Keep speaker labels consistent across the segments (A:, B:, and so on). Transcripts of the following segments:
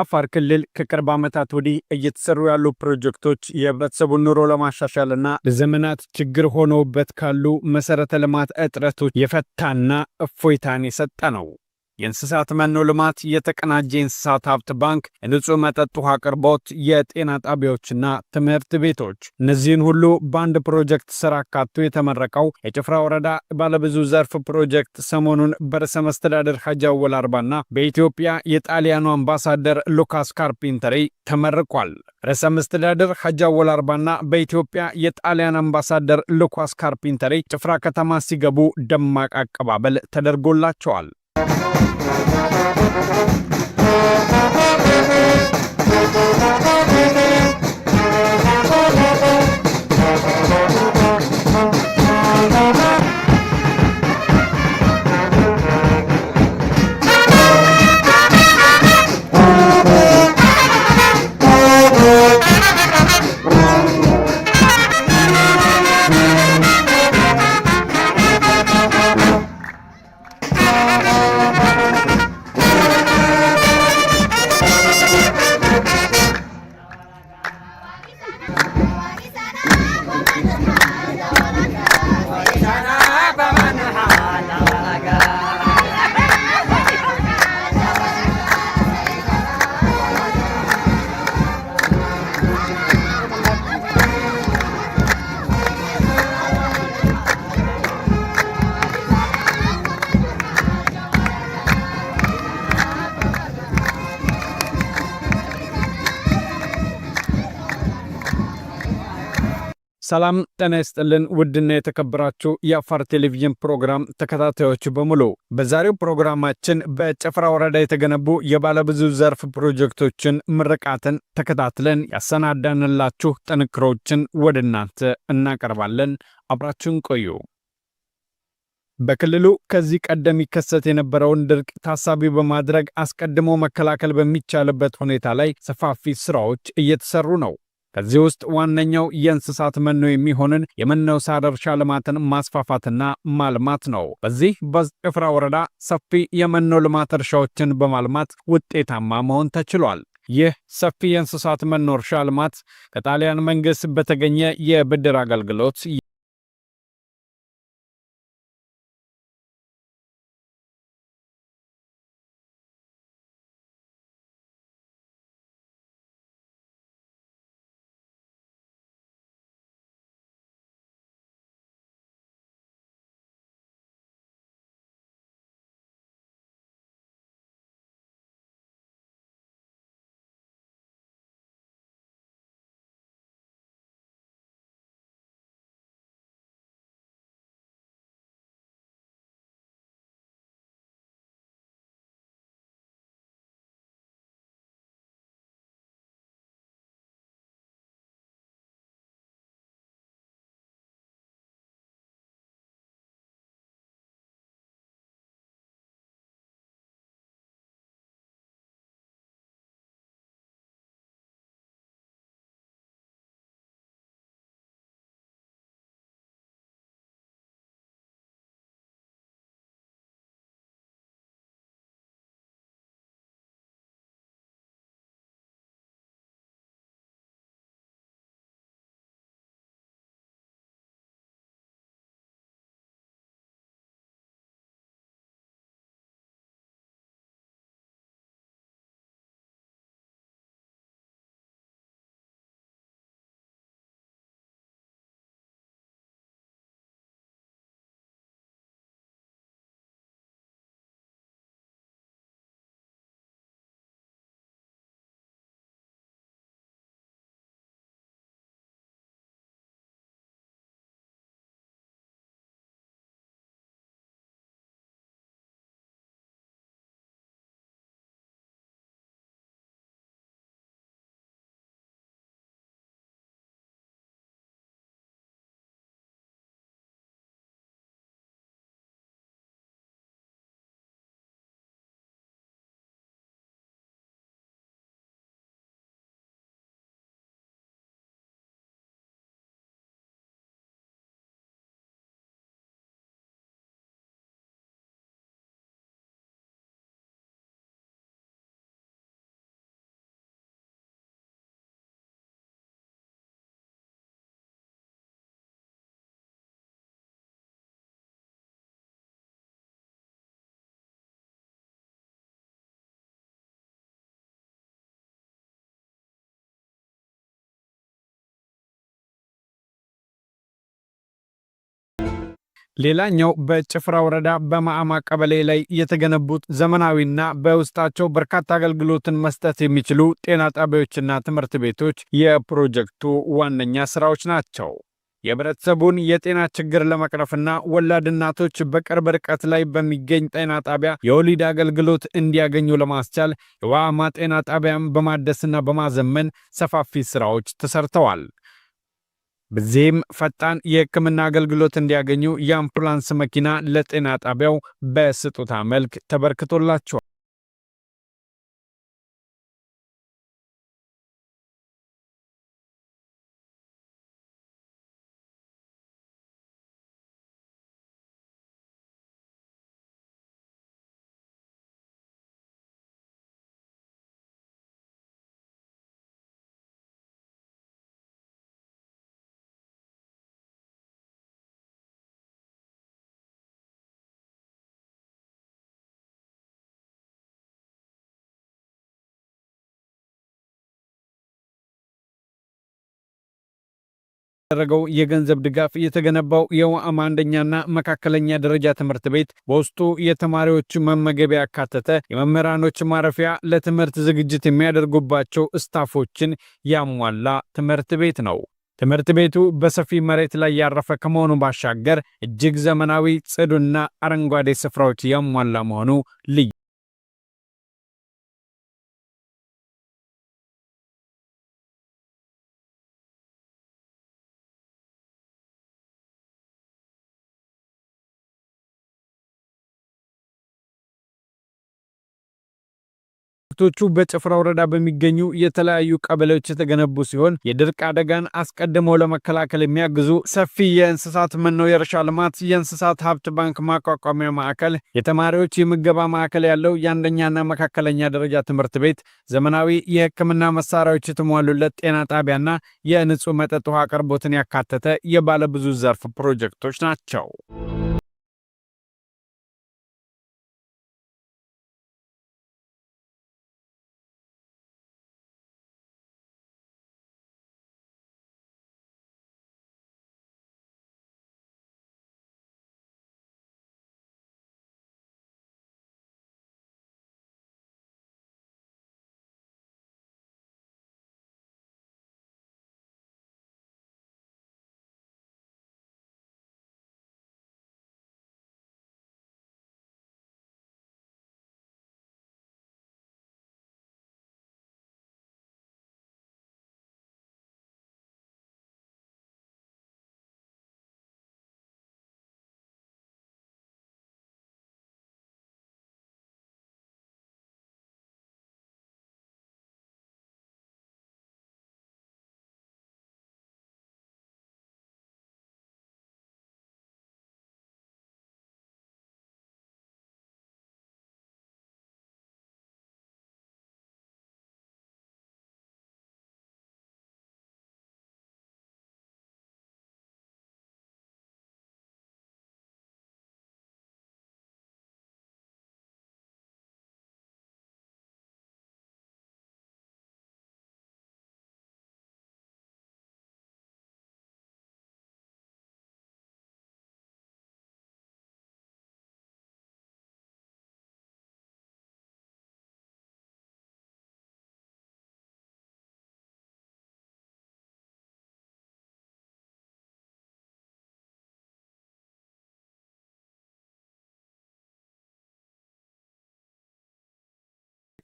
A: በአፋር ክልል ከቅርብ ዓመታት ወዲህ እየተሰሩ ያሉ ፕሮጀክቶች የህብረተሰቡን ኑሮ ለማሻሻልና ለዘመናት ችግር ሆኖበት ካሉ መሰረተ ልማት እጥረቶች የፈታና እፎይታን የሰጠ ነው። የእንስሳት መኖ ልማት፣ የተቀናጀ የእንስሳት ሀብት ባንክ፣ የንጹህ መጠጥ ውሃ አቅርቦት፣ የጤና ጣቢያዎችና ትምህርት ቤቶች። እነዚህን ሁሉ በአንድ ፕሮጀክት ስራ አካቶ የተመረቀው የጭፍራ ወረዳ ባለብዙ ዘርፍ ፕሮጀክት ሰሞኑን በርዕሰ መስተዳደር ሀጃወል አወል አርባና በኢትዮጵያ የጣሊያኑ አምባሳደር ሉካስ ካርፒንተሪ ተመርቋል። ርዕሰ መስተዳደር ሀጃወል አወል አርባና በኢትዮጵያ የጣሊያን አምባሳደር ሉካስ ካርፒንተሪ ጭፍራ ከተማ ሲገቡ ደማቅ አቀባበል ተደርጎላቸዋል። Thank you. ሰላም ጤና ይስጥልን። ውድና የተከበራችሁ የአፋር ቴሌቪዥን ፕሮግራም ተከታታዮች በሙሉ በዛሬው ፕሮግራማችን በጨፈራ ወረዳ የተገነቡ የባለብዙ ዘርፍ ፕሮጀክቶችን ምርቃትን ተከታትለን ያሰናዳንላችሁ ጥንክሮችን ወደ እናንተ እናቀርባለን። አብራችሁን ቆዩ። በክልሉ ከዚህ ቀደም ይከሰት የነበረውን ድርቅ ታሳቢ በማድረግ አስቀድሞ መከላከል በሚቻልበት ሁኔታ ላይ ሰፋፊ ስራዎች እየተሰሩ ነው። ከዚህ ውስጥ ዋነኛው የእንስሳት መኖ የሚሆንን የመኖ ሳር እርሻ ልማትን ማስፋፋትና ማልማት ነው። በዚህ በጭፍራ ወረዳ ሰፊ የመኖ ልማት እርሻዎችን በማልማት ውጤታማ መሆን ተችሏል። ይህ ሰፊ የእንስሳት መኖ እርሻ ልማት ከጣሊያን መንግሥት በተገኘ የብድር አገልግሎት ሌላኛው በጭፍራ ወረዳ በማዕማ ቀበሌ ላይ የተገነቡት ዘመናዊና በውስጣቸው በርካታ አገልግሎትን መስጠት የሚችሉ ጤና ጣቢያዎችና ትምህርት ቤቶች የፕሮጀክቱ ዋነኛ ስራዎች ናቸው። የህብረተሰቡን የጤና ችግር ለመቅረፍና ወላድ እናቶች በቅርብ ርቀት ላይ በሚገኝ ጤና ጣቢያ የወሊድ አገልግሎት እንዲያገኙ ለማስቻል የዋማ ጤና ጣቢያን በማደስና በማዘመን ሰፋፊ ስራዎች ተሰርተዋል። በዚህም ፈጣን የሕክምና አገልግሎት እንዲያገኙ የአምቡላንስ መኪና ለጤና ጣቢያው በስጦታ መልክ ተበርክቶላቸዋል። ያደረገው የገንዘብ ድጋፍ የተገነባው የውአም አንደኛና መካከለኛ ደረጃ ትምህርት ቤት በውስጡ የተማሪዎች መመገቢያ ያካተተ፣ የመምህራኖች ማረፊያ፣ ለትምህርት ዝግጅት የሚያደርጉባቸው ስታፎችን ያሟላ ትምህርት ቤት ነው። ትምህርት ቤቱ በሰፊ መሬት ላይ ያረፈ ከመሆኑ ባሻገር እጅግ ዘመናዊ፣ ጽዱና አረንጓዴ ስፍራዎች ያሟላ መሆኑ ልዩ ፕሮጀክቶቹ በጭፍራ ወረዳ በሚገኙ የተለያዩ ቀበሌዎች የተገነቡ ሲሆን የድርቅ አደጋን አስቀድመው ለመከላከል የሚያግዙ ሰፊ የእንስሳት መኖ የእርሻ ልማት፣ የእንስሳት ሀብት ባንክ ማቋቋሚያ ማዕከል፣ የተማሪዎች የምገባ ማዕከል ያለው የአንደኛና መካከለኛ ደረጃ ትምህርት ቤት፣ ዘመናዊ የሕክምና መሳሪያዎች የተሟሉለት ጤና ጣቢያና የንጹህ መጠጥ ውሃ አቅርቦትን ያካተተ የባለብዙ ዘርፍ ፕሮጀክቶች ናቸው።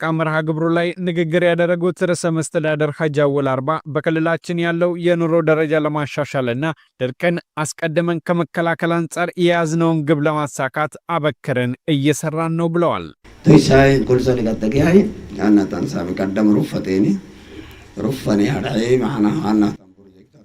A: ቃ መርሃ ግብሩ ላይ ንግግር ያደረጉት ርዕሰ መስተዳደር ሀጂ አወል አርባ በክልላችን ያለው የኑሮ ደረጃ ለማሻሻልና ድርቅን አስቀድመን ከመከላከል አንጻር የያዝነውን ግብ ለማሳካት አበክረን እየሰራን ነው ብለዋል።
B: ቱሳይ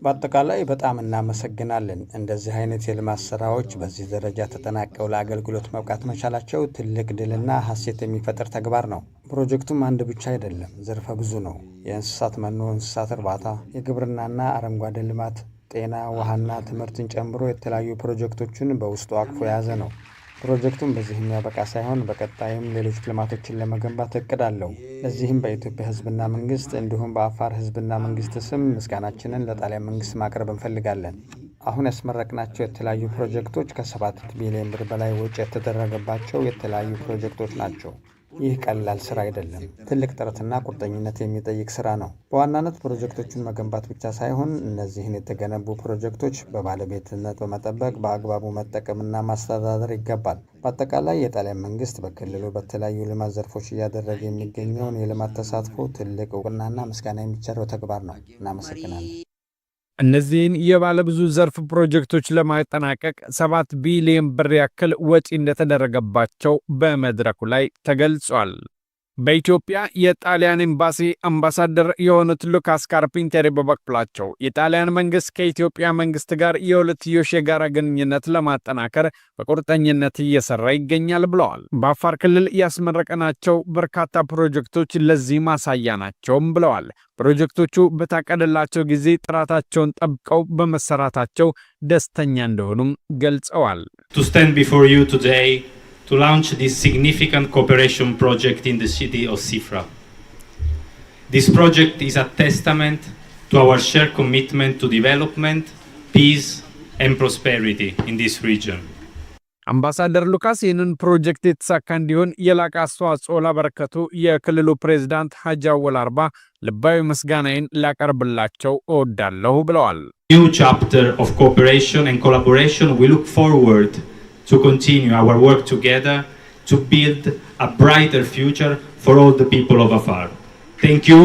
C: በአጠቃላይ በጣም እናመሰግናለን። እንደዚህ አይነት የልማት ስራዎች በዚህ ደረጃ ተጠናቀው ለአገልግሎት መብቃት መቻላቸው ትልቅ ድልና ሀሴት የሚፈጥር ተግባር ነው። ፕሮጀክቱም አንድ ብቻ አይደለም፣ ዘርፈ ብዙ ነው። የእንስሳት መኖ፣ እንስሳት እርባታ፣ የግብርናና አረንጓዴ ልማት ጤና፣ ውሃና ትምህርትን ጨምሮ የተለያዩ ፕሮጀክቶችን በውስጡ አቅፎ የያዘ ነው። ፕሮጀክቱን በዚህ የሚያበቃ ሳይሆን በቀጣይም ሌሎች ልማቶችን ለመገንባት እቅድ አለው። ለዚህም በኢትዮጵያ ሕዝብና መንግስት እንዲሁም በአፋር ሕዝብና መንግስት ስም ምስጋናችንን ለጣሊያን መንግስት ማቅረብ እንፈልጋለን። አሁን ያስመረቅናቸው የተለያዩ ፕሮጀክቶች ከሰባት ቢሊዮን ብር በላይ ወጪ የተደረገባቸው የተለያዩ ፕሮጀክቶች ናቸው። ይህ ቀላል ስራ አይደለም። ትልቅ ጥረትና ቁርጠኝነት የሚጠይቅ ስራ ነው። በዋናነት ፕሮጀክቶቹን መገንባት ብቻ ሳይሆን እነዚህን የተገነቡ ፕሮጀክቶች በባለቤትነት በመጠበቅ በአግባቡ መጠቀምና ማስተዳደር ይገባል። በአጠቃላይ የጣሊያን መንግስት በክልሉ በተለያዩ ልማት ዘርፎች እያደረገ የሚገኘውን የልማት ተሳትፎ ትልቅ እውቅናና ምስጋና የሚቸረው ተግባር ነው። እናመሰግናለን።
A: እነዚህን የባለብዙ ዘርፍ ፕሮጀክቶች ለማጠናቀቅ 7 ቢሊዮን ብር ያክል ወጪ እንደተደረገባቸው በመድረኩ ላይ ተገልጿል። በኢትዮጵያ የጣሊያን ኤምባሲ አምባሳደር የሆኑት ሉካስ ካርፒንተሪ በበኩላቸው የጣሊያን መንግስት ከኢትዮጵያ መንግስት ጋር የሁለትዮሽ የጋራ ግንኙነት ለማጠናከር በቁርጠኝነት እየሰራ ይገኛል ብለዋል። በአፋር ክልል ያስመረቀናቸው በርካታ ፕሮጀክቶች ለዚህ ማሳያ ናቸውም ብለዋል። ፕሮጀክቶቹ በታቀደላቸው ጊዜ ጥራታቸውን ጠብቀው በመሰራታቸው ደስተኛ እንደሆኑም
D: ገልጸዋል። to launch this significant cooperation project in the city of Sifra. This project is a testament to our shared commitment to development, peace and prosperity in this region.
A: አምባሳደር ሉካስ ይህንን ፕሮጀክት የተሳካ እንዲሆን የላቀ አስተዋጽኦ ላበረከቱ የክልሉ ፕሬዝዳንት ሀጂ አወል አርባ ልባዊ ምስጋናዬን ላቀርብላቸው እወዳለሁ
D: ብለዋል። New chapter of cooperation and collaboration we look forward to continue our work together to build a brighter future for all the people of Afar. Thank you.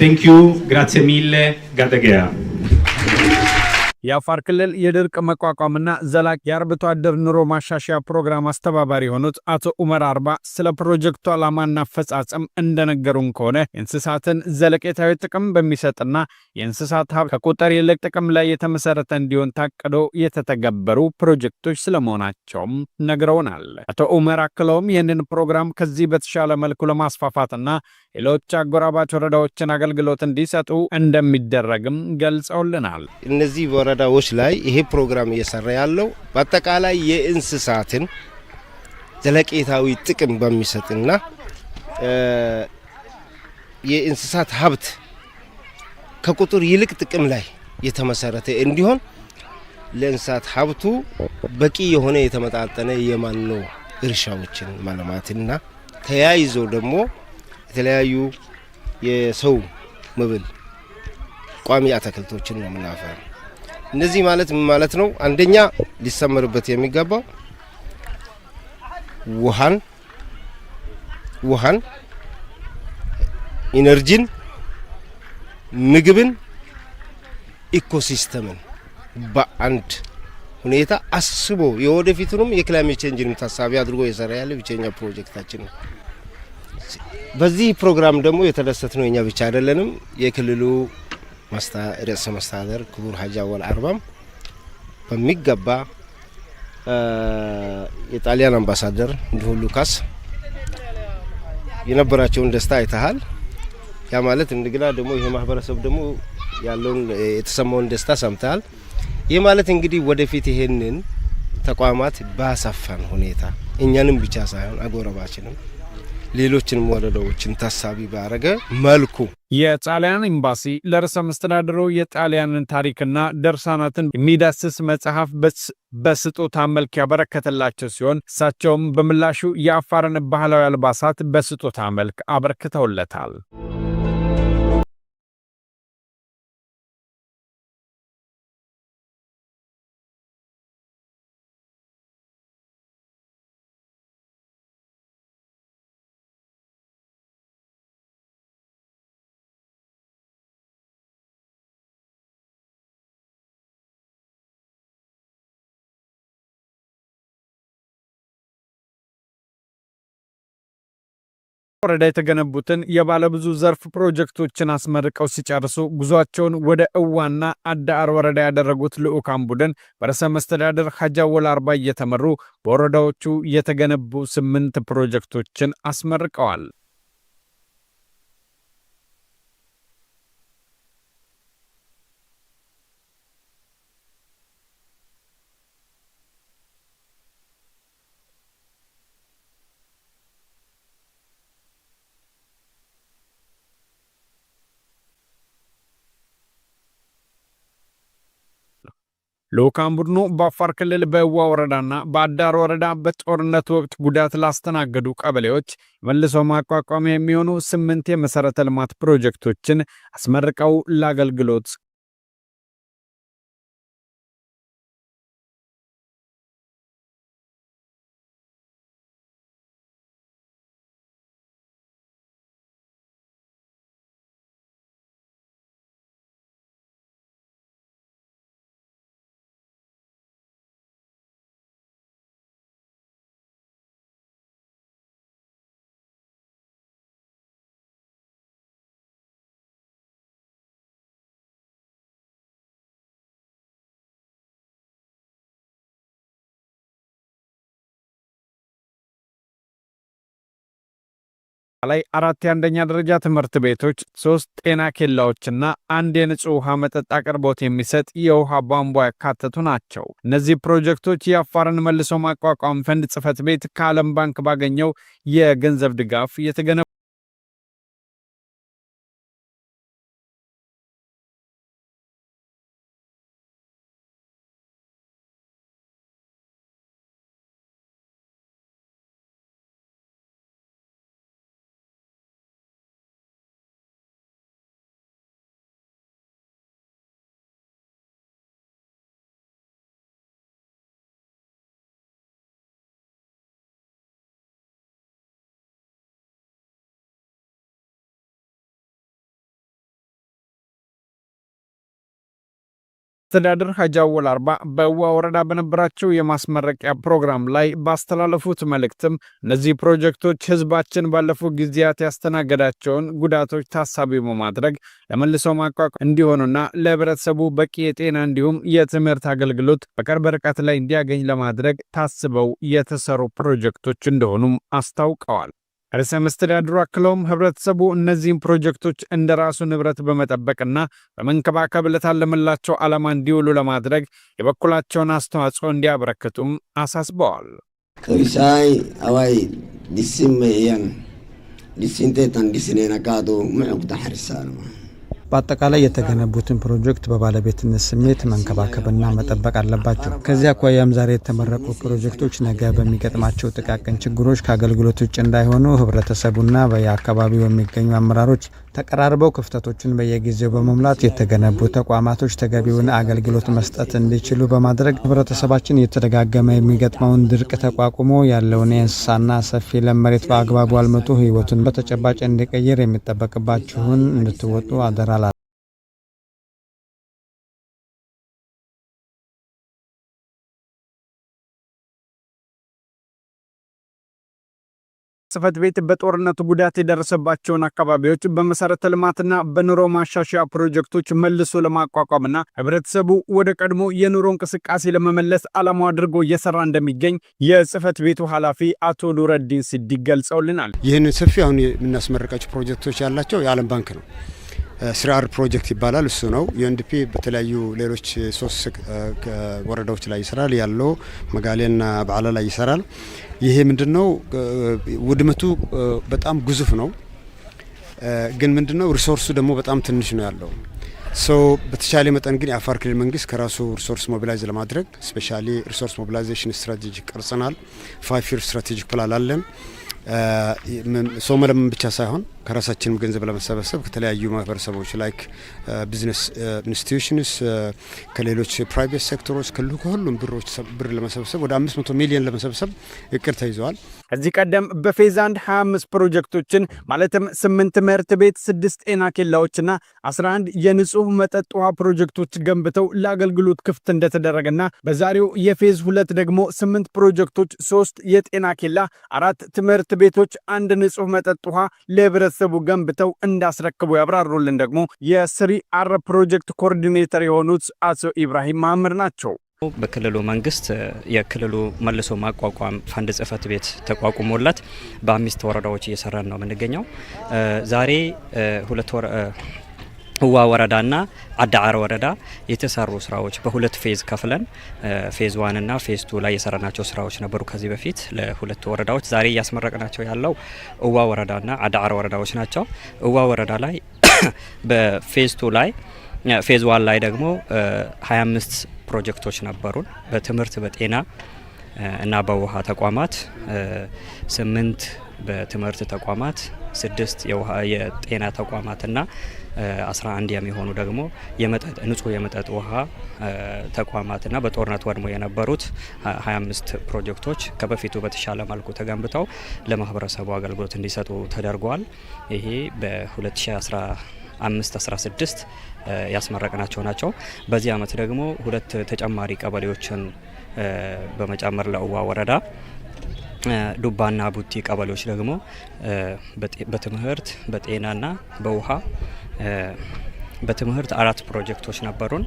D: Thank you, grazie mille, Gadegea.
A: የአፋር ክልል የድርቅ መቋቋምና ዘላቂ የአርብቶ አደር ኑሮ ማሻሻያ ፕሮግራም አስተባባሪ የሆኑት አቶ ኡመር አርባ ስለ ፕሮጀክቱ ዓላማና አፈጻጸም እንደነገሩን ከሆነ የእንስሳትን ዘለቄታዊ ጥቅም በሚሰጥና የእንስሳት ሀብት ከቁጥር ይልቅ ጥቅም ላይ የተመሰረተ እንዲሆን ታቅዶ የተተገበሩ ፕሮጀክቶች ስለመሆናቸውም ነግረውናል። አቶ ኡመር አክለውም ይህንን ፕሮግራም ከዚህ በተሻለ መልኩ ለማስፋፋትና ሌሎች አጎራባች ወረዳዎችን አገልግሎት እንዲሰጡ እንደሚደረግም
B: ገልጸውልናል። እነዚህ ወረዳዎች ላይ ይሄ ፕሮግራም እየሰራ ያለው በአጠቃላይ የእንስሳትን ዘለቄታዊ ጥቅም በሚሰጥና የእንስሳት ሀብት ከቁጥር ይልቅ ጥቅም ላይ የተመሰረተ እንዲሆን ለእንስሳት ሀብቱ በቂ የሆነ የተመጣጠነ የማኖ እርሻዎችን ማልማትና ተያይዞ ደግሞ የተለያዩ የሰው መብል ቋሚ አትክልቶችን ነው የምናፈራ። እነዚህ ማለት ምን ማለት ነው? አንደኛ ሊሰመርበት የሚገባው ውሃን ውሃን፣ ኢነርጂን፣ ምግብን፣ ኢኮሲስተምን በአንድ ሁኔታ አስቦ የወደፊቱንም የክላይሜት ቼንጅንም ታሳቢ አድርጎ የሰራ ያለ ብቸኛ ፕሮጀክታችን ነው። በዚህ ፕሮግራም ደግሞ የተደሰት ነው እኛ ብቻ አይደለንም። የክልሉ ርዕሰ መስተዳደር ክቡር ሀጂ አወል አርባም በሚገባ የጣሊያን አምባሳደር እንዲሁም ሉካስ የነበራቸውን ደስታ አይተሃል። ያ ማለት እንግዳ ደግሞ ይሄ ማህበረሰብ ደግሞ ያለውን የተሰማውን ደስታ ሰምተሃል። ይህ ማለት እንግዲህ ወደፊት ይሄንን ተቋማት ባሰፋን ሁኔታ እኛንም ብቻ ሳይሆን አጎረባችንም ሌሎችንም ወረዳዎችን ታሳቢ ባረገ መልኩ
A: የጣሊያን ኤምባሲ ለርዕሰ መስተዳድሩ የጣሊያንን ታሪክና ደርሳናትን የሚዳስስ መጽሐፍ በስጦታ መልክ ያበረከተላቸው ሲሆን እሳቸውም በምላሹ የአፋርን ባህላዊ አልባሳት በስጦታ መልክ አበርክተውለታል። ወረዳ የተገነቡትን የባለብዙ ዘርፍ ፕሮጀክቶችን አስመርቀው ሲጨርሱ ጉዟቸውን ወደ እዋና አዳአር ወረዳ ያደረጉት ልዑካን ቡድን በርዕሰ መስተዳደር ሀጃወል አርባ እየተመሩ በወረዳዎቹ የተገነቡ ስምንት ፕሮጀክቶችን አስመርቀዋል። ልዑካን ቡድኑ በአፋር ክልል በህዋ ወረዳና በአዳር ወረዳ በጦርነት ወቅት ጉዳት ላስተናገዱ ቀበሌዎች መልሶ ማቋቋሚያ የሚሆኑ ስምንት የመሠረተ ልማት ፕሮጀክቶችን አስመርቀው ለአገልግሎት ላይ አራት የአንደኛ ደረጃ ትምህርት ቤቶች፣ ሶስት ጤና ኬላዎችና አንድ የንጹህ ውሃ መጠጥ አቅርቦት የሚሰጥ የውሃ ቧንቧ ያካተቱ ናቸው። እነዚህ ፕሮጀክቶች የአፋርን መልሶ ማቋቋም ፈንድ ጽሕፈት ቤት ከዓለም ባንክ ባገኘው የገንዘብ ድጋፍ የተገነቡ አስተዳደር ሀጂ አወል አርባ በዋ ወረዳ በነበራቸው የማስመረቂያ ፕሮግራም ላይ ባስተላለፉት መልእክትም እነዚህ ፕሮጀክቶች ህዝባችን ባለፉት ጊዜያት ያስተናገዳቸውን ጉዳቶች ታሳቢ በማድረግ ለመልሶ ማቋቋም እንዲሆኑና ለህብረተሰቡ በቂ የጤና እንዲሁም የትምህርት አገልግሎት በቅርብ ርቀት ላይ እንዲያገኝ ለማድረግ ታስበው የተሰሩ ፕሮጀክቶች እንደሆኑም አስታውቀዋል። ርዕሰ መስተዳድሩ አክለውም ህብረተሰቡ እነዚህም ፕሮጀክቶች እንደ ራሱ ንብረት በመጠበቅና በመንከባከብ ለታለመላቸው ዓላማ እንዲውሉ ለማድረግ የበኩላቸውን አስተዋጽኦ እንዲያበረክቱም አሳስበዋል።
B: ከቢሳይ አዋይ ዲስም ያን ዲሲንቴታን ዲሲኔና ካቶ ምዑቅ ተሐሪሳ
C: ነው በአጠቃላይ የተገነቡትን ፕሮጀክት በባለቤትነት ስሜት መንከባከብና መጠበቅ አለባቸው። ከዚህ አኳያም ዛሬ የተመረቁ ፕሮጀክቶች ነገ በሚገጥማቸው ጥቃቅን ችግሮች ከአገልግሎት ውጭ እንዳይሆኑ ህብረተሰቡና በየአካባቢው የሚገኙ አመራሮች ተቀራርበው ክፍተቶችን በየጊዜው በመሙላት የተገነቡ ተቋማቶች ተገቢውን አገልግሎት መስጠት እንዲችሉ በማድረግ ህብረተሰባችን እየተደጋገመ የሚገጥመውን ድርቅ ተቋቁሞ ያለውን የእንስሳና ሰፊ ለም መሬት በአግባቡ አልምቶ ህይወቱን በተጨባጭ እንዲቀይር የሚጠበቅባችሁን እንድትወጡ አደራል
A: ጽህፈት ቤት በጦርነቱ ጉዳት የደረሰባቸውን አካባቢዎች በመሰረተ ልማትና በኑሮ ማሻሻያ ፕሮጀክቶች መልሶ ለማቋቋምና ህብረተሰቡ ወደ ቀድሞ የኑሮ እንቅስቃሴ ለመመለስ ዓላማው አድርጎ እየሰራ እንደሚገኝ የጽፈት ቤቱ ኃላፊ አቶ ኑረዲን ሲዲቅ
E: ገልጸውልናል። ይህን ሰፊ አሁን የምናስመረቃቸው ፕሮጀክቶች ያላቸው የዓለም ባንክ ነው። ስራር ፕሮጀክት ይባላል። እሱ ነው ዩኤንዲፒ በተለያዩ ሌሎች ሶስት ወረዳዎች ላይ ይሰራል። ያለው መጋሌና በዓላ ላይ ይሰራል። ይሄ ምንድነው ውድመቱ በጣም ግዙፍ ነው፣ ግን ምንድነው ሪሶርሱ ደግሞ በጣም ትንሽ ነው ያለው። ሰው በተቻለ መጠን ግን የአፋር ክልል መንግስት ከራሱ ሪሶርስ ሞቢላይዝ ለማድረግ ስፔሻሊ ሪሶርስ ሞቢላይዜሽን ስትራቴጂክ ቀርጸናል። ፋይፍ ይር ስትራቴጂክ ፕላን አለን። ሶመርም ብቻ ሳይሆን ከራሳችንም ገንዘብ ለመሰበሰብ ከተለያዩ ማህበረሰቦች ላይክ ቢዝነስ ኢንስቲቱሽንስ ከሌሎች ፕራይቬት ሴክተሮች ከሁሉም ብሮች ብር ለመሰብሰብ ወደ 500 ሚሊዮን ለመሰብሰብ እቅድ
A: ተይዘዋል። ከዚህ ቀደም በፌዝ አንድ 25 ፕሮጀክቶችን ማለትም 8 ትምህርት ቤት፣ 6 ጤና ኬላዎችና 11 የንጹህ መጠጥ ውሃ ፕሮጀክቶች ገንብተው ለአገልግሎት ክፍት እንደተደረገና በዛሬው የፌዝ ሁለት ደግሞ 8 ፕሮጀክቶች፣ 3 የጤና ኬላ፣ አራት ትምህርት ትምህርት ቤቶች አንድ ንጹህ መጠጥ ውሃ ለህብረተሰቡ ገንብተው እንዳስረክቡ ያብራሩልን ደግሞ የስሪ አር ፕሮጀክት ኮኦርዲኔተር የሆኑት አቶ ኢብራሂም መሀመድ ናቸው።
F: በክልሉ መንግስት የክልሉ መልሶ ማቋቋም ፈንድ ጽህፈት ቤት ተቋቁሞላት በአምስት ወረዳዎች እየሰራን ነው የምንገኘው ዛሬ ህዋ ወረዳና አዳዓር ወረዳ የተሰሩ ስራዎች በሁለት ፌዝ ከፍለን ፌዝ ዋንና ፌዝ ቱ ላይ የሰራናቸው ስራዎች ነበሩ ከዚህ በፊት ለሁለቱ ወረዳዎች። ዛሬ እያስመረቅናቸው ያለው እዋ ወረዳና አዳዓር ወረዳዎች ናቸው። እዋ ወረዳ ላይ በፌዝ ቱ ላይ ፌዝ ዋን ላይ ደግሞ 25 ፕሮጀክቶች ነበሩን በትምህርት በጤና እና በውሃ ተቋማት ስምንት በትምህርት ተቋማት ስድስት የጤና ተቋማትና 11 የሚሆኑ ደግሞ ንጹህ የመጠጥ ውሃ ተቋማትና በጦርነት ወድሞ የነበሩት 25 ፕሮጀክቶች ከበፊቱ በተሻለ መልኩ ተገንብተው ለማህበረሰቡ አገልግሎት እንዲሰጡ ተደርጓል። ይሄ በ2015 16 ያስመረቅናቸው ናቸው። በዚህ አመት ደግሞ ሁለት ተጨማሪ ቀበሌዎችን በመጨመር ለእዋ ወረዳ ዱባና ቡቲ ቀበሌዎች ደግሞ በትምህርት በጤናና በውሃ በትምህርት አራት ፕሮጀክቶች ነበሩን።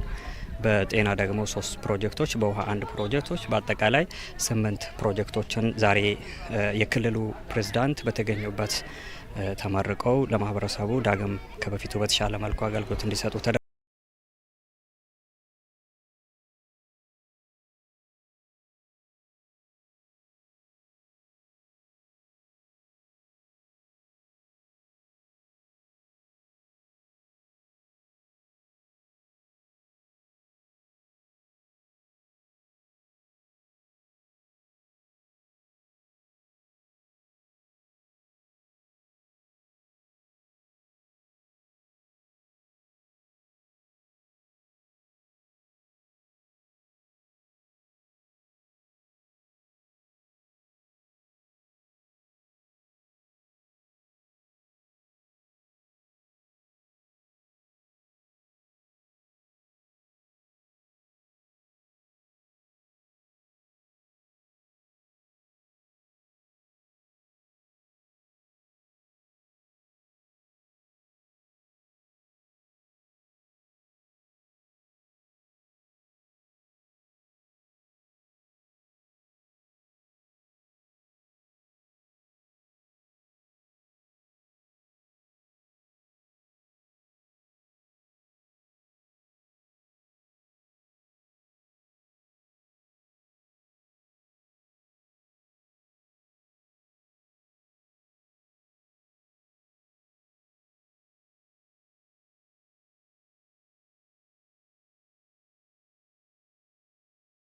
F: በጤና ደግሞ ሶስት ፕሮጀክቶች፣ በውሃ አንድ ፕሮጀክቶች በአጠቃላይ ስምንት ፕሮጀክቶችን ዛሬ የክልሉ ፕሬዝዳንት በተገኙበት ተመርቀው ለማህበረሰቡ ዳግም ከበፊቱ በተሻለ መልኩ አገልግሎት እንዲሰጡ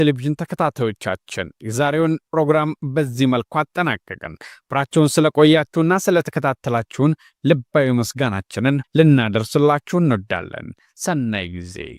A: ቴሌቪዥን ተከታታዮቻችን የዛሬውን ፕሮግራም በዚህ መልኩ አጠናቀቅን። አብራችሁን ስለቆያችሁና ስለተከታተላችሁን ልባዊ ምስጋናችንን ልናደርስላችሁ እንወዳለን። ሰናይ ጊዜ